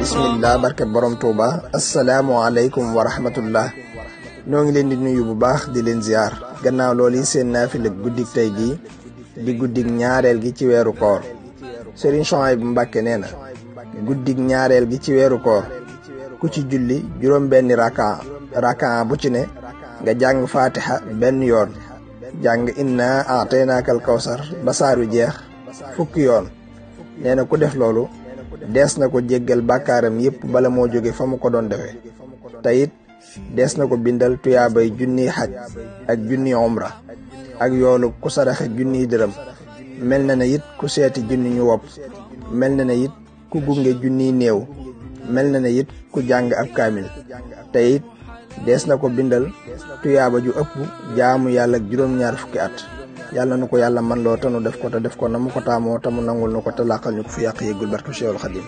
bismillah barke borom tuuba asalaamualeykum wa rahmatullah ñoo ngi leen di nuyu bu baax di leen ziar gannaaw loolu yi seen naafila guddik tey gi di guddik ñaareel gi ci weeru koor Serigne Souhaïbou Mbacké nee guddik ñaareel gi ci weeru koor ku ci julli juróom benni raka bu ci ne nga jàng fatiha benn yoon jàng inna aataynaakal kawsar ba saar jeex fukki yoon nee na ku def loolu dees na ko jéggal bàkkaaram yépp bala moo jóge fa mu ko doon defee te it dees na ko bindal tuyaabay junniy xaj ak junniy omra ak yoolu ku saraxe junniy dërëm mel na ne it ku seeti junni ñu wopp mel na ne it ku gunge junniy néew mel na ne it ku jàng ab kaamil te it dees na ko bindal tuyaaba ju ëpp jaamu yàlla ak juróom-ñaar fukki at yàlla na ko yàlla man loo tanu def ko te def ko na mu ko taamoo te mu nangul na ko te làqal ñu ko fi yàq yëggul barke Cheikhul Khadim